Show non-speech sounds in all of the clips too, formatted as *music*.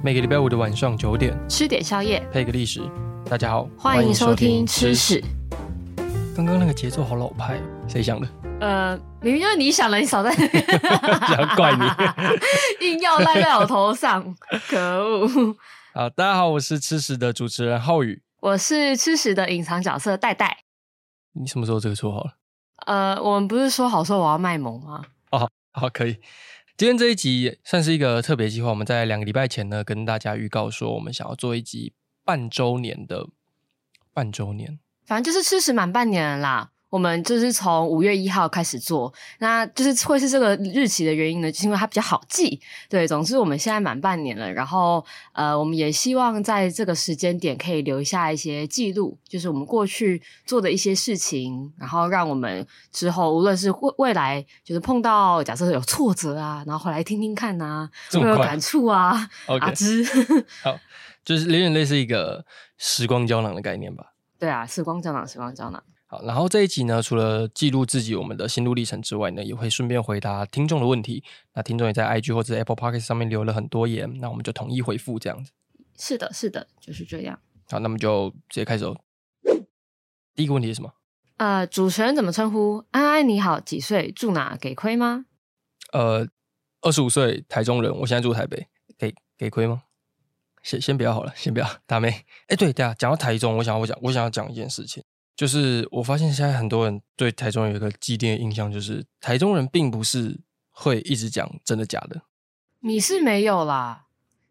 .每個禮拜五的晚上九點，吃點宵夜。配個歷史。大家好，歡迎收聽吃史。剛剛那個節奏好老派，誰想的？呃，明明就是你想的，你少在。比較 *laughs* *laughs* 怪你， *laughs* 硬要賴在我頭上， *laughs* 可惡惡！啊，大家好，我是吃史的主持人皓宇，我是吃史的隱藏角色代代。你什麼時候這個綽號了？呃，我們不是說好說我要賣萌嗎？哦好，好，可以。今天這一集算是一個特別計劃。我們在兩個禮拜前呢，跟大家預告說，我們想要做一集半週年的半週年，反正就是吃史滿半年了啦。我們就是從五月一號開始做，那就是會是這個日期的原因呢，就是因為它比較好記。對，總之我們現在滿半年了，然後呃，我們也希望在這個時間點可以留下一些記錄，就是我們過去做的一些事情，然後讓我們之後無論是未未來，就是碰到假設有挫折啊，然後回來聽聽看啊，會有感觸啊？Okay. 阿芝姿， *laughs* 好，就是有點類似一個時光膠囊的概念吧，嗯？對啊，時光膠囊，時光膠囊。好，然後這一集呢，除了記錄自己我們的心路歷程之外呢，也會順便回答聽眾的問題。那聽眾也在 IG 或者 Apple Podcast 上面留了很多言，那我們就統一回復這樣子。是的，是的，就是這樣。好，那麼就直接開始。哦。第一個問題是什麼？啊、呃，主持人怎麼稱呼？安安，你好，幾歲？住哪？給虧嗎？呃，二十五歲，台中人，我現在住台北，給給虧嗎？先先不要好了，先不要，大妹。哎，對，對啊，講到台中，我想我講我想要講一件事情。就是我發現現在很多人對台中人有一個既定的印象，就是台中人並不是會一直講真的假的。你是沒有啦，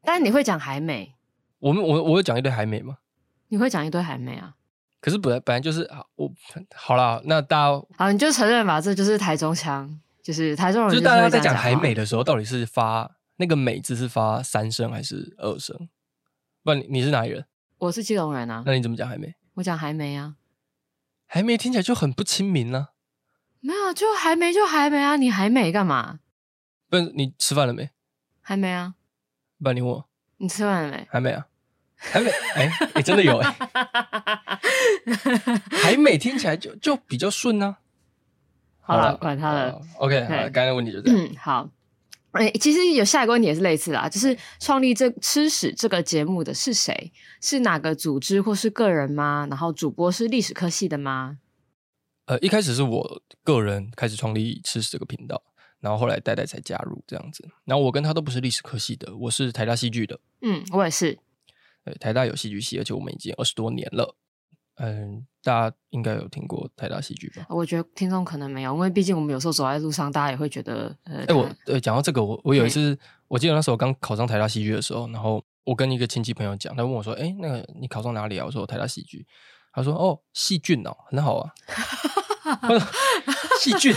但是你會講海美。我們我我會講一堆海美嗎？你會講一堆海美啊？可是本來本來就是我好啦。那到好，你就承認吧，這就是台中腔，就是台中人就。就大家在講海美的時候，到底是發那個美字是發三聲還是二聲？不然你，你你是哪裡人？我是基隆人啊。那你怎麼講海美？我講海美啊。還沒，聽起來就很不親民呢。沒有，就還沒，就還沒啊！你還沒幹嘛？不是，你吃飯了沒？還沒啊。不理我。你吃飯了沒？還沒啊。還沒，哎、欸欸，你真的有哎、欸。 *laughs* 還沒聽起來就就比較順呢。好了，管他了。好 OK，好剛對才的問題就這樣。 *coughs* 好。哎、欸，其實有下一個問題也是類似啦，就是創立這“吃史”這個節目的是誰？是哪個組織或是個人嗎？然後主播是歷史科系的嗎？呃，一開始是我個人開始創立“吃史”這個頻道，然後後來代代才加入這樣子。然後我跟他都不是歷史科系的，我是台大戲劇的。嗯，我也是。對、呃，台大有戲劇系，而且我們已經二十多年了。嗯，大家應該有聽過台大戲劇吧？我覺得聽眾可能沒有，因為畢竟我們有時候走在路上，大家也會覺得……呃，欸、我呃，講、欸、到這個，我我有一次，對我記得那時候我剛考上台大戲劇的時候，然後我跟一個親戚朋友講，他問我說：“哎、欸，那個你考上哪裡啊？”我說：“台大戲劇。”他說：“哦，細菌哦，很好啊，細 *laughs* *laughs* 菌，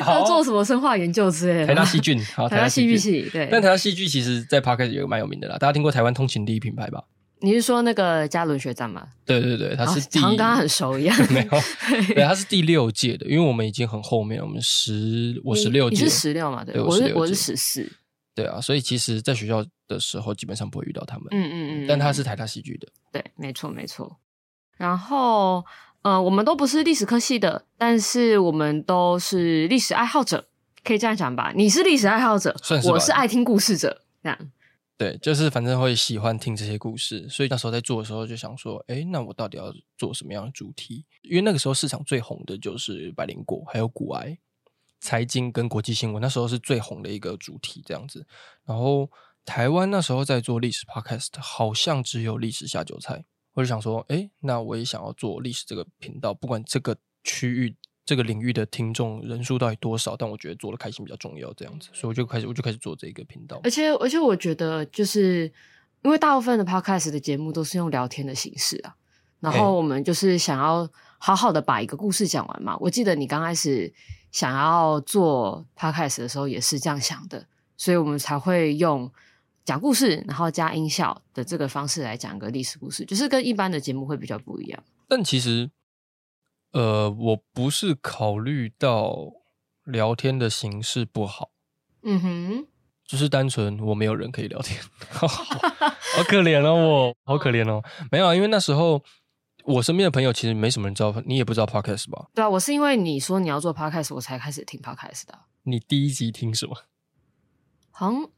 要做什麼生化研究之類的？”台大細菌，好台大戲劇系對，但台大戲劇其實在 podcast 也有蠻有名的啦。大家聽過台灣通勤第一品牌吧？你是說那個嘉倫學長嗎？對對對，他是第、哦。好像跟他很熟一樣。 *laughs* 沒有。 *laughs* 對，對，他是第六屆的，因為我們已經很後面，我們十你我十六屆你，你是十六嘛？對，對我是屆我是十四。對啊，所以其實，在學校的時候，基本上不會遇到他們。嗯嗯嗯。嗯嗯但他是台大戲劇的。對，沒錯沒錯。然後，呃，我們都不是歷史科系的，但是我們都是歷史愛好者，可以這樣講吧？你是歷史愛好者，算是我是愛聽故事者，這樣。對，就是反正會喜歡聽這些故事，所以那時候在做的時候就想說，哎，那我到底要做什麼樣的主題？因為那個時候市場最紅的就是百靈果，還有股癌、財經跟國際新聞，那時候是最紅的一個主題這樣子。然後台灣那時候在做歷史 podcast，好像只有歷史下酒菜，我就想說，哎，那我也想要做歷史這個頻道，不管這個區域。這個領域的聽眾人數到底多少？但我覺得做的開心比較重要，這樣子，所以我就開始，我就開始做這個頻道。而且，而且我覺得，就是因為大部分的 podcast 的節目都是用聊天的形式啊，然後我們就是想要好好的把一個故事講完嘛。欸、我記得你剛開始想要做 podcast 的時候也是這樣想的，所以我們才會用講故事，然後加音效的這個方式來講一個歷史故事，就是跟一般的節目會比較不一樣。但其實。呃，我不是考慮到聊天的形式不好，嗯哼，只是單純我沒有人可以聊天， *laughs* 好可憐哦，我 *laughs* 好可憐哦，嗯、沒有啊，因為那時候我身邊的朋友其實沒什麼人知道，你也不知道 podcast 吧？對啊，我是因為你說你要做 podcast，我才開始聽 podcast 的。你第一集聽什麼？好像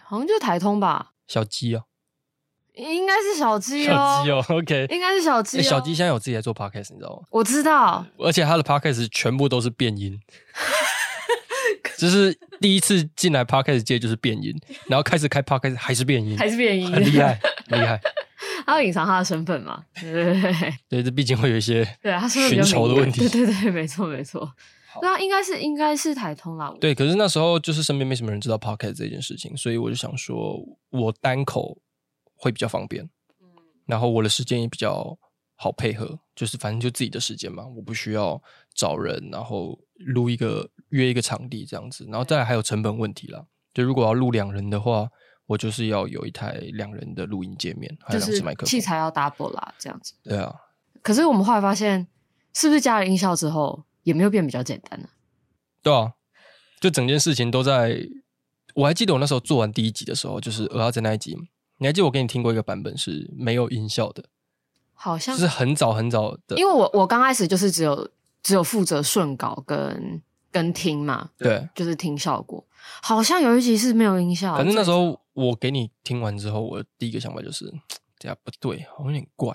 好像就台通吧，小雞啊。應該是小雞哦,小雞哦，OK，應該是小雞、哦欸。小雞現在有自己在做 podcast，你知道嗎？我知道，而且他的 podcast 全部都是變音， *laughs* 就是第一次進來 podcast 界就是變音，然後開始開 podcast 還是變音，還是變音，很厲害，厲對害。然後隱藏他的身份嘛，對對對，對，這畢竟會有一些對啊尋仇的問題對，對對對，沒錯沒錯。那好應該是應該是台通啦。對，可是那時候就是身邊沒什麼人知道 podcast 這件事情，所以我就想說我單口。會比較方便，然後我的時間也比較好配合，就是反正就自己的時間嘛，我不需要找人，然後錄一個約一個場地這樣子，然後再來還有成本問題啦。就如果要錄兩人的話，我就是要有一台兩人的錄音介面，還有兩支麥克風，器材要 double 啦，這樣子。對啊，可是我們後來發現，是不是加了音效之後也沒有變比較簡單呢、啊？對啊，就整件事情都在，我還記得我那時候做完第一集的時候，就是我要在那一集。你還記得我給你聽過一個版本是沒有音效的，好像是很早很早的。因為我我剛開始就是只有只有負責順稿跟跟聽嘛，對，就是聽效果。好像有一集是沒有音效，反正那時候我給你聽完之後，我第一個想法就是，這樣不對，好像有點怪。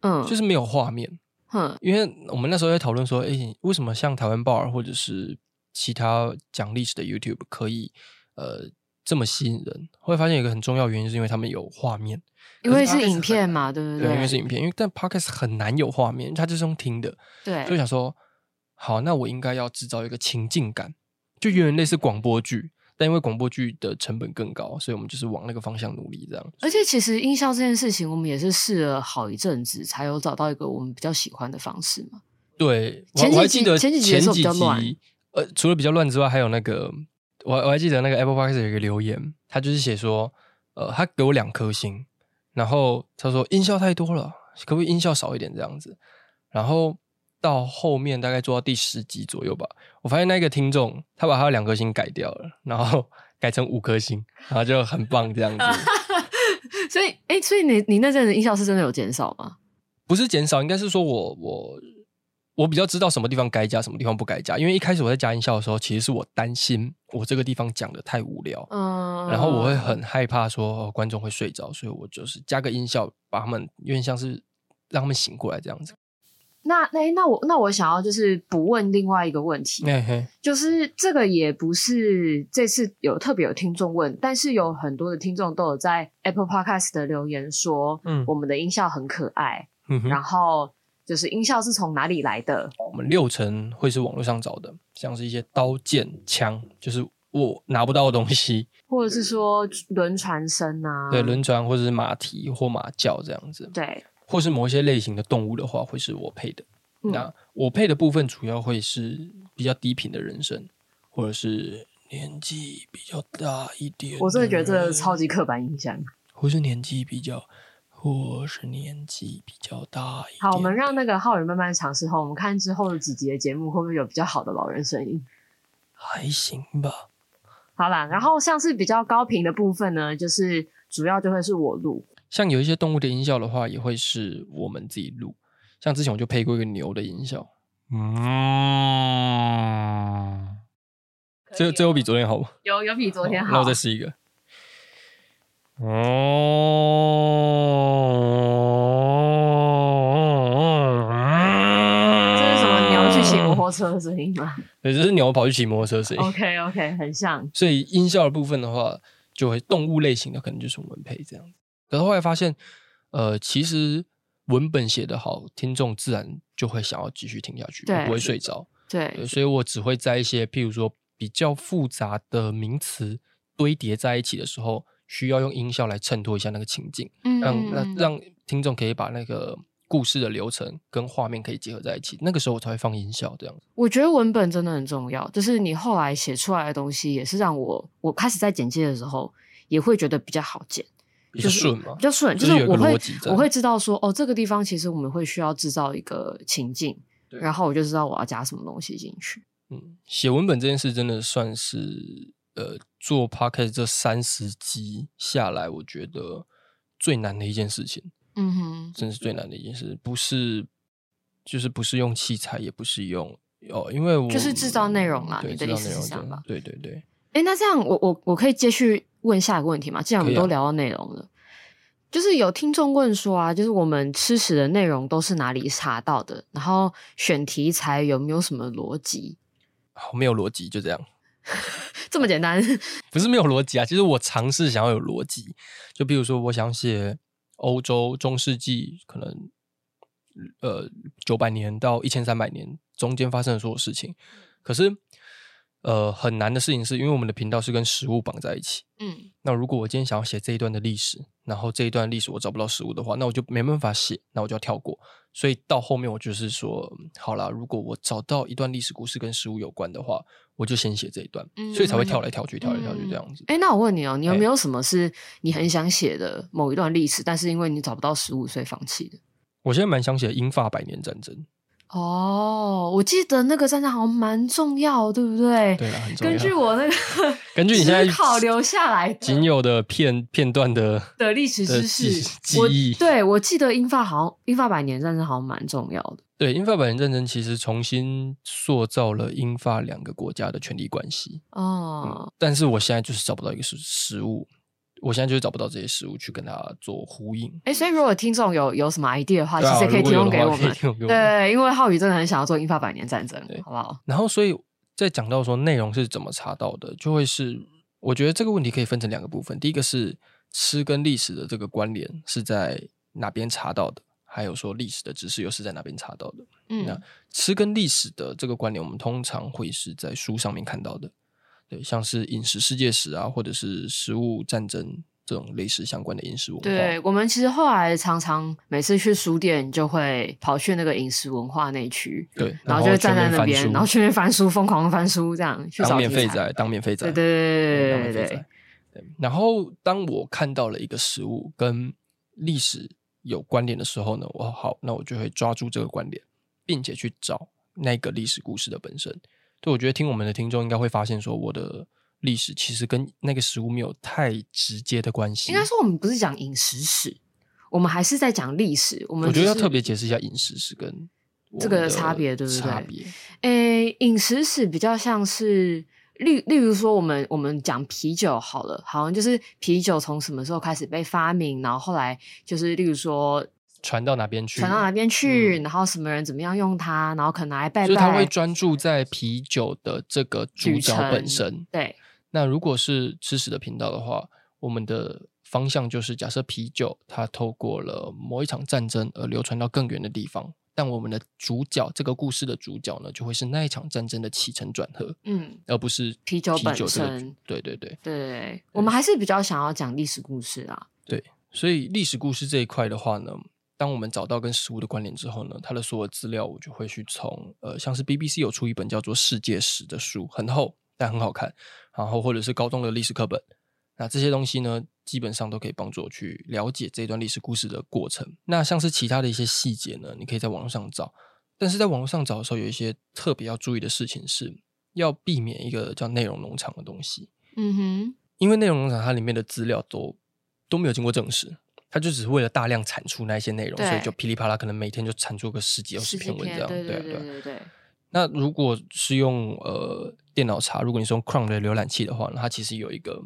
嗯，就是沒有畫面，嗯，因為我們那時候在討論說，哎、欸，為什麼像台灣吧或者是其他講歷史的 YouTube 可以，呃。這麼吸引人，會發現一個很重要原因，是因為他們有畫面，因為是影片嘛，對不對？對，因為是影片，因為但 podcast 很難有畫面，他就是用聽的，對。就想說，好，那我應該要制造一個情境感，就有點類似廣播劇，但因為廣播劇的成本更高，所以我們就是往那個方向努力這樣。而且，其實音效這件事情，我們也是試了好一陣子，才有找到一個我們比較喜歡的方式嘛。對，我還記得前幾集的時候比較亂前幾集，呃，除了比較亂之外，還有那個。我我還記得那個 Apple Podcast 有一個留言，他就是寫說，呃，他給我兩顆星，然後他說音效太多了，可不可以音效少一點這樣子？然後到後面大概做到第十集左右吧，我發現那個聽眾他把他的兩顆星改掉了，然後改成五顆星，然後就很棒這樣子。 *laughs* 所以，哎、欸，所以你你那陣的音效是真的有減少嗎？不是減少，應該是說我我。我比較知道什麼地方該加，什麼地方不該加。因為一開始我在加音效的時候，其實是我擔心我這個地方講得太無聊，嗯、然後我會很害怕說觀眾會睡着，所以我就是加個音效，把他們因為像是讓他們醒過來這樣子。那，那、欸、那我那我想要就是不問另外一個問題，嘿嘿就是這個也不是這次有特別有聽眾問，但是有很多的聽眾都有在 Apple Podcast 的留言說，嗯，我們的音效很可愛，嗯、然後。就是音效是從哪裡來的？我們六成會是網絡上找的，像是一些刀劍、槍，就是我拿不到的東西，或者是說輪船聲啊。對，輪船或者是馬蹄或馬叫這樣子。對，或是某一些類型的動物的話，會是我配的。嗯、那我配的部分主要會是比較低頻的人聲，或者是年紀比較大一點。我真的覺得這個超級刻板印象。或是年紀比較。我是年紀比較大一點。好，我們讓那個浩宇慢慢嘗試後，我們看之後的幾集的節目會不會有比較好的老人聲音，還行吧。好了，然後像是比較高頻的部分呢，就是主要就會是我錄。像有一些動物的音效的話，也會是我們自己錄。像之前我就配過一個牛的音效，嗯，這這以有比昨天好嗎？有有比昨天好，好，那我再試一個。哦。這是什麼鳥去騎摩托車的聲音嗎？對，這是鳥跑去騎摩托車的聲音。OK OK，很像。所以音效的部分的話，就會動物類型的，可能就是我們配這樣子。可是後來發現，呃，其實文本寫得好，聽眾自然就會想要繼續聽下去，對不會睡着。對，呃，所以我只會在一些譬如說比較複雜的名詞堆疊在一起的時候。需要用音效來襯托一下那個情境，讓嗯，嗯，那、嗯、讓聽眾可以把那個故事的流程跟畫面可以結合在一起，那個時候我才會放音效。這樣，我覺得文本真的很重要，就是你後來寫出來的東西，也是讓我我開始在剪接的時候也會覺得比較好剪，就是就順嘛，比較順，就是我會有一個邏輯，我會知道說哦，這個地方其實我們會需要製造一個情境，對然後我就知道我要加什麼東西進去。嗯，寫文本這件事真的算是呃。做 Podcast 這三十集下來，我覺得最難的一件事情，嗯哼，真是最難的一件事，不是，就是不是用器材，也不是用，哦，因為我就是製造內容嘛，製造內容啦，對對對、對。哎、欸，那這樣，我我我可以繼續問下一個問題嗎？既然我們都聊到內容了，啊、就是有聽眾問說啊，就是我們吃史的內容都是哪裡查到的？然後選題材有沒有什麼邏輯？沒有邏輯，就這樣。 *laughs* 這麼簡單， *laughs* 不是沒有邏輯啊。其實我嘗試想要有邏輯，就比如說我想寫歐洲中世紀，可能呃九百年到一千三百年中間發生的所有事情，可是。呃，很難的事情是因為我們的頻道是跟食物綁在一起。嗯，那如果我今天想要寫這一段的歷史，然後這一段歷史我找不到食物的話，那我就沒辦法寫，那我就要跳過。所以到後面我就是說，好啦，如果我找到一段歷史故事跟食物有關的話，我就先寫這一段，嗯，所以才會跳來跳去，嗯，跳來跳去這樣子。哎、欸，那我問你哦，你有沒有什麼是你很想寫的某一段歷史，欸、但是因為你找不到食物，所以放棄的？我現在蠻想寫英法百年戰爭。哦，oh, 我記得那個戰爭好像蠻重要，對不對？對、啊，很重要。根據我那個， *laughs* 根據你現在考留下來的僅有的片片段的的歷史知識記憶我，對，我記得英法好像英法百年戰爭好像蠻重要的。對，英法百年戰爭其實重新塑造了英法兩個國家的權力關係。哦、oh. 嗯，但是我現在就是找不到一個實實物。我現在就是找不到這些食物去跟它做呼應。哎、欸，所以如果聽眾有有什麼 idea 的話，啊、其實可以提供給我們。我們對，因為浩宇真的很想要做《英法百年戰爭》對，好不好？然後，所以在講到說內容是怎麼查到的，就會是我覺得這個問題可以分成兩個部分。第一個是吃跟歷史的這個關聯是在哪邊查到的，還有說歷史的知識又是在哪邊查到的。嗯，那吃跟歷史的這個關聯，我們通常會是在書上面看到的。對，像是飲食世界史啊，或者是食物戰爭這種類似相關的飲食文化。對，我們其實後來常常每次去書店，就會跑去那個飲食文化那一區，對，然後，然後就會站在那邊，然後去那邊翻書，瘋狂翻書，這樣去找當面廢。當免費仔，當免費仔。對對對對對對。然後，當我看到了一個食物跟歷史有關聯的時候呢，我好，那我就會抓住這個關聯，並且去找那個歷史故事的本身。對，我覺得聽我們的聽眾應該會發現，說我的歷史其實跟那個食物沒有太直接的關係。應該說，我們不是講飲食史，我們還是在講歷史。我們、就是、我覺得要特別解釋一下飲食史跟這個差別，對不對？差別，誒，飲食史比較像是例，例如說，我們我們講啤酒好了，好像就是啤酒從什麼時候開始被發明，然後後來就是，例如說。傳到哪邊去？傳到哪邊去？嗯、然後什麼人怎麼樣用它？然後可能來拜拜。所以他會專注在啤酒的這個主角本身。對。對，那如果是吃史的頻道的話，我們的方向就是：假設啤酒它透過了某一場戰爭而流傳到更遠的地方，但我們的主角，這個故事的主角呢，就會是那一場戰爭的起承轉合。嗯。而不是啤酒本身。啤酒這個。對對對。對，對，對，我們還是比較想要講歷史故事啊。對，所以歷史故事這一塊的話呢？當我們找到跟食物的關聯之後呢，它的所有資料我就會去從呃，像是 BBC 有出一本叫做《世界史》的書，很厚但很好看，然後或者是高中的歷史課本，那這些東西呢，基本上都可以幫助我去了解這段歷史故事的過程。那像是其他的一些細節呢，你可以在網路上找，但是在網路上找的時候，有一些特別要注意的事情是要避免一個叫內容農場的東西。嗯哼，因為內容農場它裡面的資料都都沒有經過證實。他就只是為了大量產出那些內容，對所以就噼裡啪啦，可能每天就產出個十幾、二十篇文章，對對對，那如果是用呃電腦查，如果你是用 Chrome 的瀏覽器的話，它其實有一個。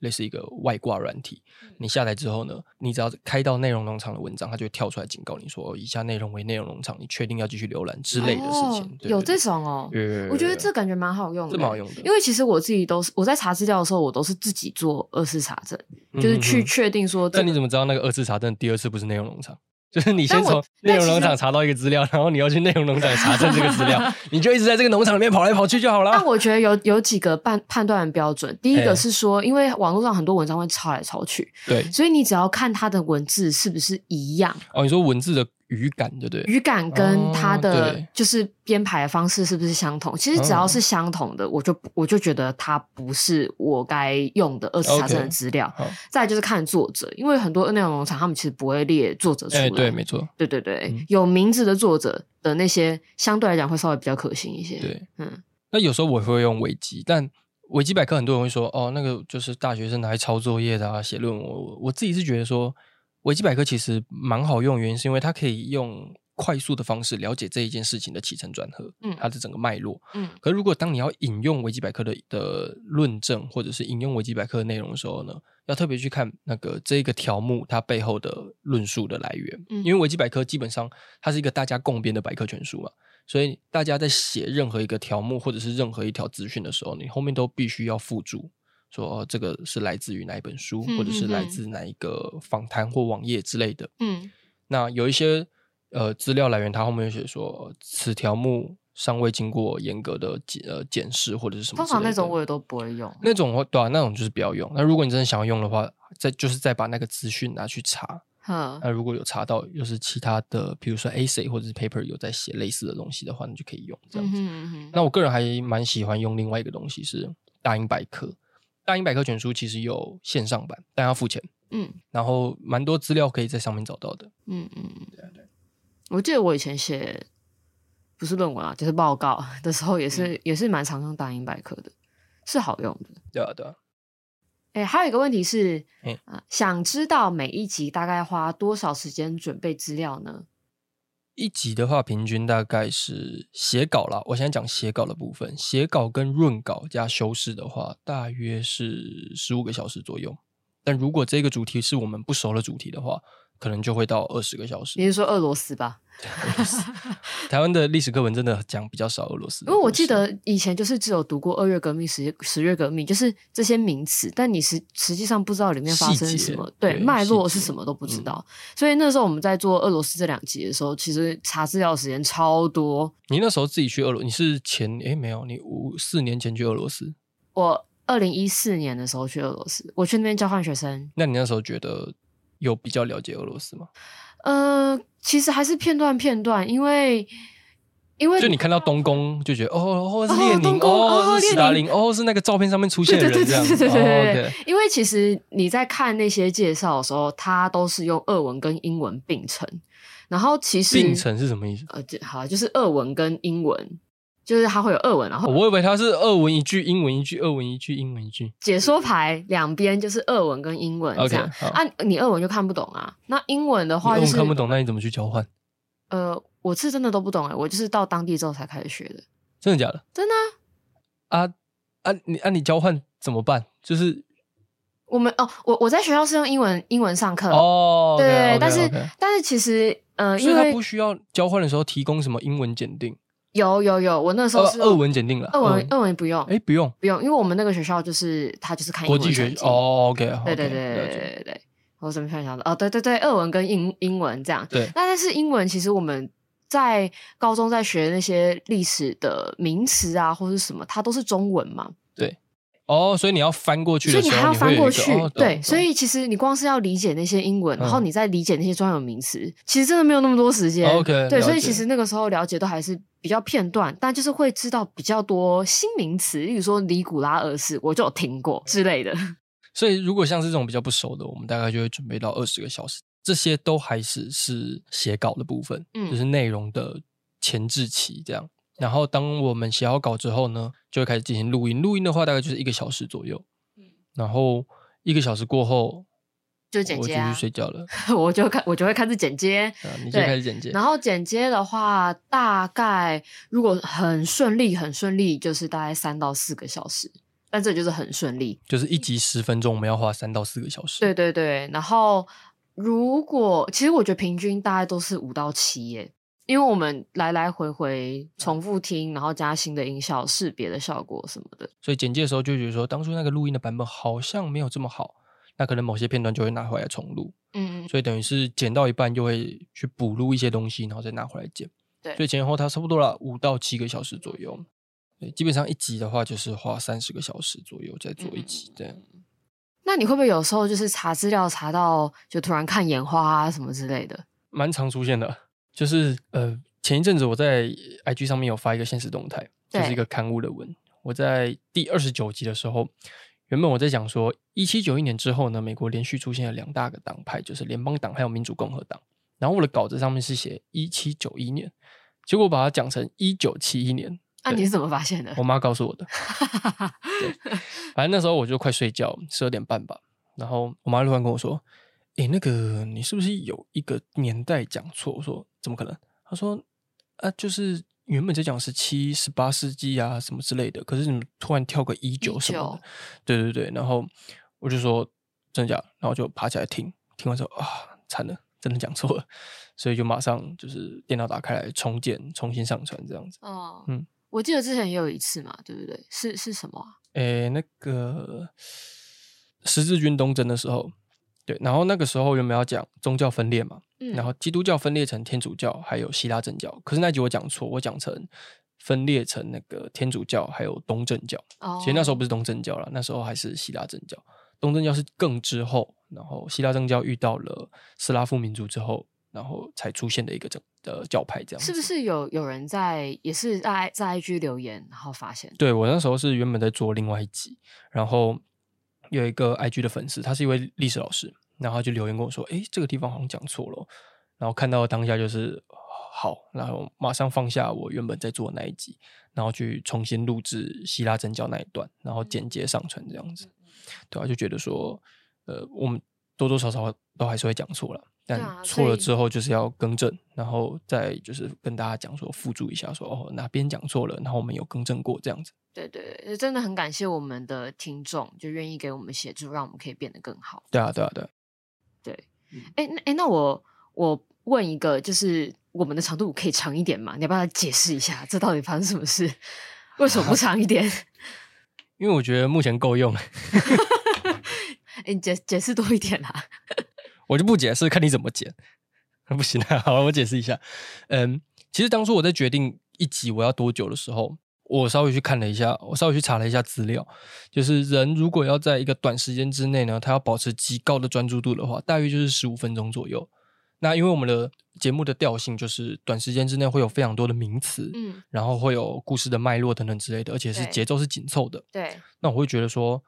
類似一個外掛軟體，你下載之後呢，你只要開到內容農場的文章，它就會跳出來警告你說：“哦、以下內容為內容農場，你確定要繼續瀏覽？”之類的事情。有這種哦？yeah, 我覺得這感覺蠻好用的，這蠻好用的。因為其實我自己都是我在查資料的時候，我都是自己做二次查證，就是去確定說、這個。那、嗯、你怎麼知道那個二次查證第二次不是內容農場？就是你先從內容農場查到一個資料，然後你要去內容農場查證這個資料， *laughs* 你就一直在這個農場裡面跑來跑去就好了。但我覺得有有幾個判判斷的標準，第一個是說，欸、因為網絡上很多文章會抄來抄去，對，所以你只要看它的文字是不是一樣。哦，你說文字的。語感對不對？語感跟它的就是編排的方式是不是相同？哦、其實只要是相同的，嗯、我就我就覺得它不是我該用的二次查證的資料。Okay, 好再來就是看作者，因為很多內容農場他們其實不會列作者出來。哎、對，沒錯，對對對，有名字的作者的那些，嗯、相對來講會稍微比較可信一些。對，嗯。那有時候我會用維基，但維基百科很多人會說：“哦，那個就是大學生拿來抄作業的啊，寫論文。”我我，我自己是覺得說。維基百科其實蠻好用，原因是因為它可以用快速的方式了解這一件事情的起承轉合，嗯，它的整個脈絡，嗯。可是如果當你要引用維基百科的的論證，或者是引用維基百科的內容的時候呢，要特別去看那個這個條目它背後的論述的來源，嗯，因為維基百科基本上它是一個大家共編的百科全書嘛，所以大家在寫任何一個條目或者是任何一條資訊的時候，你後面都必須要附注。說、呃、這個是來自於哪一本書，或者是來自哪一個訪談或網頁之類的。嗯，嗯那有一些呃資料來源，它後面有寫說、呃、此條目尚未經過嚴格的解呃檢視或者是什麼。通常那種我也都不會用，那種對啊，那種就是不要用。那如果你真的想要用的話，再就是再把那個資訊拿去查。呵那如果有查到又是其他的，比如說 essay 或者是 Paper 有在寫類似的東西的話，你就可以用這樣子。嗯嗯嗯、那我個人還蠻喜歡用另外一個東西是大英百科。大英百科全書其實有線上版，但要付錢。嗯，然後蠻多資料可以在上面找到的。嗯嗯嗯，嗯對啊對。我記得我以前寫不是論文啊，就是報告的時候，也是、嗯、也是蠻常用大英百科的，是好用的。對啊對啊。哎、啊欸，還有一個問題是，啊嘿，想知道每一集大概花多少時間準備資料呢？一集的話，平均大概是寫稿啦。我先講寫稿的部分，寫稿跟潤稿加修飾的話，大約是十五個小時左右。但如果這個主題是我們不熟的主題的話，可能就會到二十個小時。你是說俄羅斯吧？ *laughs* *laughs* 台灣的歷史課文真的講比較少俄羅斯，因為我記得以前就是只有讀過二月革命、十十月革命，就是這些名詞，但你實實際上不知道裡面發生什麼，細節。對，脈絡是什麼都不知道。嗯、所以那時候我們在做俄羅斯這兩集的時候，其實查資料時間超多。你那時候自己去俄羅，你是前誒、欸、沒有？你五四年前去俄羅斯？我二零一四年的時候去俄羅斯，我去那邊交換學生。那你那時候覺得有比較了解俄羅斯嗎？呃，其實還是片段片段，因為因為就你看到東宮就覺得哦哦，是列寧，哦是斯大林，哦列寧是那個照片上面出現的人這樣，對，對，對，對，對，對，對，對，哦、對對對對，因為其實你在看那些介紹的時候，它都是用俄文跟英文並存，然後其實並存是什麼意思？呃，好，就是俄文跟英文。就是它會有俄文，然後我以為它是俄文一句，英文一句，俄文一句，英文一句。一句解說牌兩邊就是俄文跟英文，這樣 okay, 好啊，你俄文就看不懂啊，那英文的話就是、你看不懂，那你怎麼去交換？呃，我是真的都不懂哎、欸，我就是到當地之後才開始學的。真的假的？真的啊啊，啊！你啊你交換怎麼辦？就是我們哦，我我在學校是用英文英文上課哦，okay, 對 okay, 但是 okay. 但是其實呃，因為他不需要交換的時候提供什麼英文檢定。有有有，我那時候是俄文檢定了，俄文俄文不用，哎不用不用，因為我們那個學校就是他就是看國際學校哦，OK，對對對對對對，我怎麼突然想到哦，對對對，俄文跟英英文這樣，對，那但是英文其實我們在高中在學那些歷史的名詞啊或是什麼，它都是中文嘛，對，哦，所以你要翻過去，所以你還要翻過去，對，所以其實你光是要理解那些英文，然後你再理解那些專有名詞，其實真的沒有那麼多時間，OK，對，所以其實那個時候了解都還是。比較片段，但就是會知道比較多新名詞，比如說尼古拉二世，我就有聽過之類的。所以，如果像是這種比較不熟的，我們大概就會準備到二十個小時。這些都還是是寫稿的部分，嗯，就是內容的前置期這樣。嗯、然後，當我們寫好稿之後呢，就會開始進行錄音。錄音的話，大概就是一個小時左右。嗯、然後一個小時過後。就剪接，啊，我就去睡覺了。 *laughs* 我就看，我就會、啊、開始剪接。啊，你就開始剪接。然後剪接的話，大概如果很順利，很順利，就是大概三到四個小時。但這就是很順利，就是一集十分鐘，我們要花三到四個小時。對對對。然後如果其實我覺得平均大概都是五到七耶，因為我們來來回回重複聽，嗯、然後加新的音效、試別的效果什麼的。所以剪接的時候就覺得說，當初那個錄音的版本好像沒有這麼好。那可能某些片段就會拿回來重錄，嗯嗯，所以等於是剪到一半，就會去補錄一些東西，然後再拿回來剪。對，所以前後它差不多了五到七個小時左右。基本上一集的話就是花三十個小時左右再做一集這樣。對、嗯。那你會不會有時候就是查資料查到就突然看眼花啊什麼之類的？蠻常出現的，就是呃，前一陣子我在 IG 上面有發一個限時動態，對就是一個刊物的文。我在第二十九集的時候。原本我在講說，一七九一年之後呢，美國連續出現了兩大個黨派，就是聯邦黨還有民主共和黨。然後我的稿子上面是寫一七九一年，結果我把它講成一九七一年。啊，你是怎麼發現的？我媽告訴我的 *laughs* 對。反正那時候我就快睡覺，十二點半吧。然後我媽突然跟我說：“哎、欸，那個你是不是有一個年代講錯？”我說：“怎麼可能？”她說：“啊，就是。”原本在講十七十八世紀啊什麼之類的，可是你們突然跳個一九什麼的，對對對，然後我就說真的假的？然後就爬起來聽，聽完之後啊，慘了，真的講錯了，所以就馬上就是電腦打開來重建、重新上傳這樣子。哦，嗯，我記得之前也有一次嘛，對不對？是是什麼啊？誒，那個十字軍東征的時候。對，然後那個時候原本要講宗教分裂嘛，嗯、然後基督教分裂成天主教還有希臘正教。可是那集我講錯，我講成分裂成那個天主教還有東正教。哦、其實那時候不是東正教啦，那時候還是希臘正教。東正教是更之後，然後希臘正教遇到了斯拉夫民族之後，然後才出現的一個整的教派這樣子。是不是有有人在也是在在 IG 留言，然後發現？對，我那時候是原本在做另外一集，然後。有一個 IG 的粉絲，他是一位歷史老師，然後他就留言跟我說：“誒，這個地方好像講錯了。”然後看到當下就是好，然後馬上放下我原本在做的那一集，然後去重新錄製希臘正教那一段，然後剪接上傳這樣子。對啊，就覺得說，呃，我們多多少少都還是會講錯了。但錯了之後就是要更正，啊、然後再就是跟大家講說附註一下說哦，哪邊講錯了，然後我們有更正過這樣子。對對，真的很感謝我們的聽眾就願意給我們協助，讓我們可以變得更好。對啊對啊，對，啊對，對、嗯，哎、欸、那，那我我問一個，就是我們的長度可以長一點嗎？你要不要解釋一下這到底發生什麼事？為什麼不長一點？啊、因為我覺得目前夠用。哎、 *laughs* *laughs* 欸，你解解釋多一點啊。我就不解釋，看你怎麼解。那 *laughs* 不行啊，好，我解釋一下。嗯，其實當初我在決定一集我要多久的時候，我稍微去看了一下，我稍微去查了一下資料，就是人如果要在一個短時間之內呢，他要保持極高的專注度的話，大約就是十五分鐘左右。那因為我們的節目的調性就是短時間之內會有非常多的名詞，嗯，然後會有故事的脈絡等等之類的，而且是節奏是緊湊的。對。對。那我會覺得說，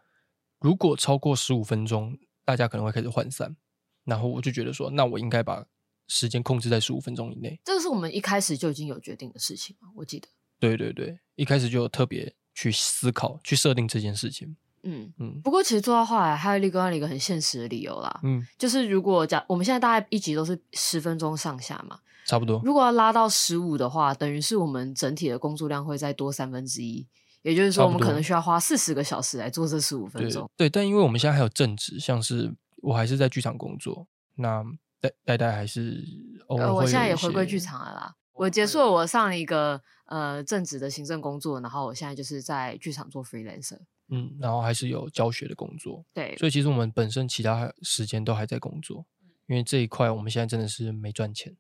如果超過十五分鐘，大家可能會開始渙散。然後我就覺得說，那我應該把時間控制在十五分鐘以內。這個是我們一開始就已經有決定的事情，我記得。對對對，一開始就特別去思考、去設定這件事情。嗯嗯。嗯，不過其實做到後來還有另外一個很現實的理由啦。嗯。就是如果假我們現在大概一集都是十分鐘上下嘛，差不多。如果要拉到十五的話，等於是我們整體的工作量會再多三分之一。3, 也就是說，我們可能需要花四十個小時來做這十五分鐘，對。對，但因為我們現在還有正職，像是。我還是在劇場工作，那代代代還是。哦呃、我，我現在也回歸劇場了啦。我結束了，我上了一個呃正職的行政工作，然後我現在就是在劇場做 freelancer。嗯，然後還是有教學的工作。對，所以其實我們本身其他時間都還在工作，因為這一塊我們現在真的是沒賺錢。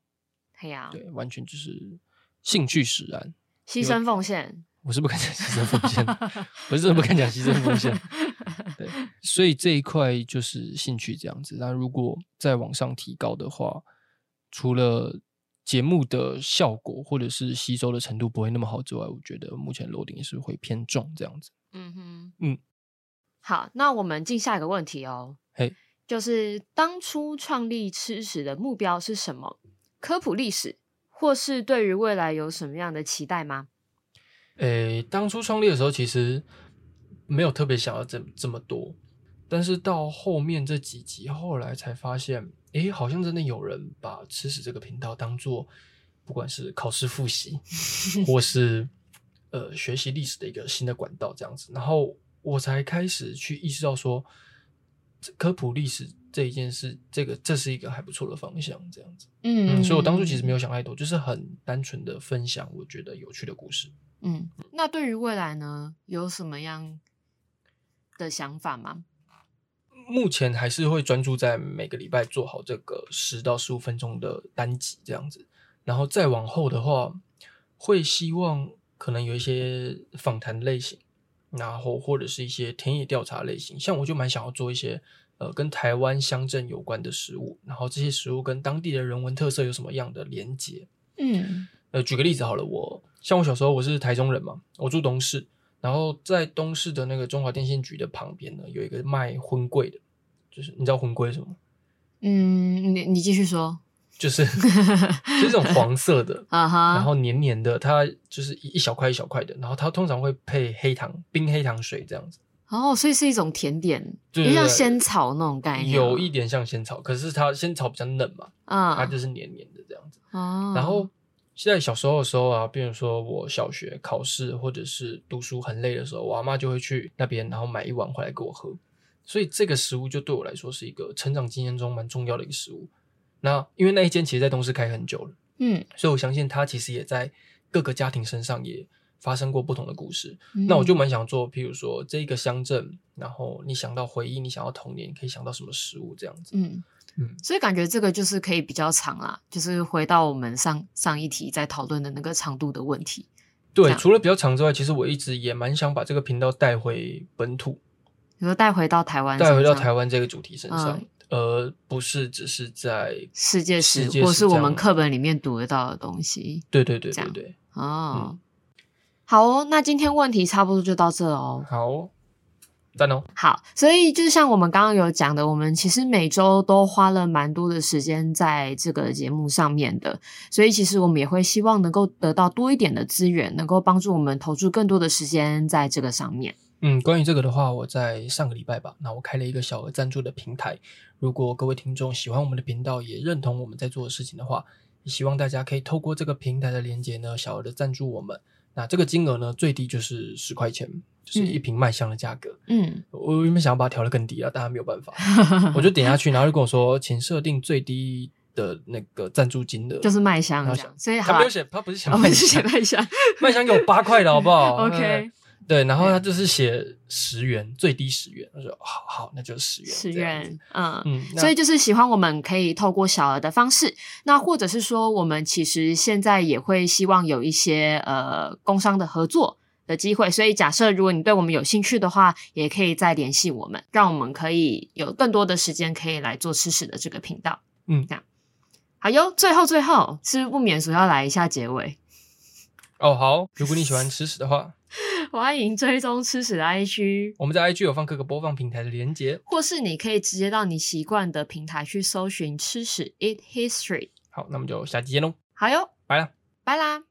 哎呀、嗯，對，完全就是興趣使然，犧、啊、為牲奉獻。我是不敢講犧牲奉獻， *laughs* *laughs* 我是真的不敢講犧牲奉獻。 *laughs* *laughs* 對。所以這一塊就是興趣這樣子。那如果再往上提高的話，除了節目的效果或者是吸收的程度不會那麼好之外，我覺得目前 loading 是會偏重這樣子。嗯哼，嗯。好，那我們進下一個問題哦、喔。嘿，Hey, 就是當初創立吃史的目標是什麼？科普歷史，或是對於未來有什麼樣的期待嗎？誒、欸，當初創立的時候，其實沒有特別想要這這麼多。但是到後面這幾集，後來才發現，哎、欸，好像真的有人把吃史這個頻道當做，不管是考試複習， *laughs* 或是呃學習歷史的一個新的管道這樣子，然後我才開始去意識到說，科普歷史這一件事，這個這是一個還不錯的方向這樣子。嗯，嗯，所以我當初其實沒有想太多，就是很單純的分享我覺得有趣的故事。嗯，那對於未來呢，有什麼樣的想法嗎？目前還是會專注在每個禮拜做好這個十到十五分鐘的單集這樣子，然後再往後的話，會希望可能有一些訪談類型，然後或者是一些田野調查類型。像我就蠻想要做一些，呃，跟台灣鄉鎮有關的食物，然後這些食物跟當地的人文特色有什麼樣的連結？嗯，呃，舉個例子好了，我像我小時候我是台中人嘛，我住東勢。然後在東市的那個中華電信局的旁邊呢，有一個賣粉粿的，就是你知道粉粿是什麼？嗯，你你繼續說，就是 *laughs* 就是一種黃色的， *laughs* uh、huh. 然後黏黏的，它就是一小塊一小塊的，然後它通常會配黑糖冰、黑糖水這樣子。哦，oh, 所以是一種甜點，就對像仙草那種感覺，有一點像仙草，可是它仙草比較嫩嘛，啊，它就是黏黏的這樣子。哦，uh. oh. 然後。現在小時候的時候啊，比如說我小學考試或者是讀書很累的時候，我阿媽就會去那邊，然後買一碗回來給我喝。所以這個食物就對我來說是一個成長經驗中蠻重要的一個食物。那因為那一間其實，在東市開很久了，嗯，所以我相信它其實也在各個家庭身上也發生過不同的故事。嗯、那我就蠻想做，譬如說這個鄉鎮，然後你想到回憶，你想到童年，可以想到什麼食物這樣子？嗯。嗯，所以感覺這個就是可以比較長啦，就是回到我們上上一題在討論的那個長度的問題。對，除了比較長之外，其實我一直也蠻想把這個頻道帶回本土，你說帶回到台灣，帶回到台灣這個主題身上，呃、而不是只是在世界史或是我們課本裡面讀得到的東西。對對，對對對，這樣對。哦，嗯、好哦，那今天問題差不多就到這了哦。好。讚哦！好，所以就是像我們剛剛有講的，我們其實每周都花了蠻多的時間在這個節目上面的，所以其實我們也會希望能夠得到多一點的資源，能夠幫助我們投注更多的時間在這個上面。嗯，關於這個的話，我在上個禮拜吧，那我開了一個小額贊助的平台，如果各位聽眾喜歡我們的頻道，也認同我們在做的事情的話，也希望大家可以透過這個平台的連接呢，小額的贊助我們。那這個金額呢，最低就是十塊錢。就是一瓶麥香的價格，嗯，我原本想要把它調得更低啊，但他沒有辦法，我就點下去，然後就跟我說，請設定最低的那個贊助金額，就是麥香這樣，所以他沒有寫，他不是想，不是寫麥香，麥香有八塊的好不好？OK，對，然後他就是寫十元，最低十元，他說好好，那就是十元，十元，嗯，所以就是喜歡，我們可以透過小額的方式，那或者是說，我們其實現在也會希望有一些呃工商的合作。的機會，所以假設如果你對我們有興趣的話，也可以再聯繫我們，讓我們可以有更多的時間可以來做吃史的這個頻道。嗯，這樣好喲。最後最後，是不免俗要來一下結尾哦。好，如果你喜歡吃史的話， *laughs* 歡迎追蹤吃史的 IG。我們在 IG 有放各個播放平台的連結，或是你可以直接到你習慣的平台去搜尋吃史 Eat History。好，那我們就下期見嘍。好喲唷，拜了，拜啦。拜啦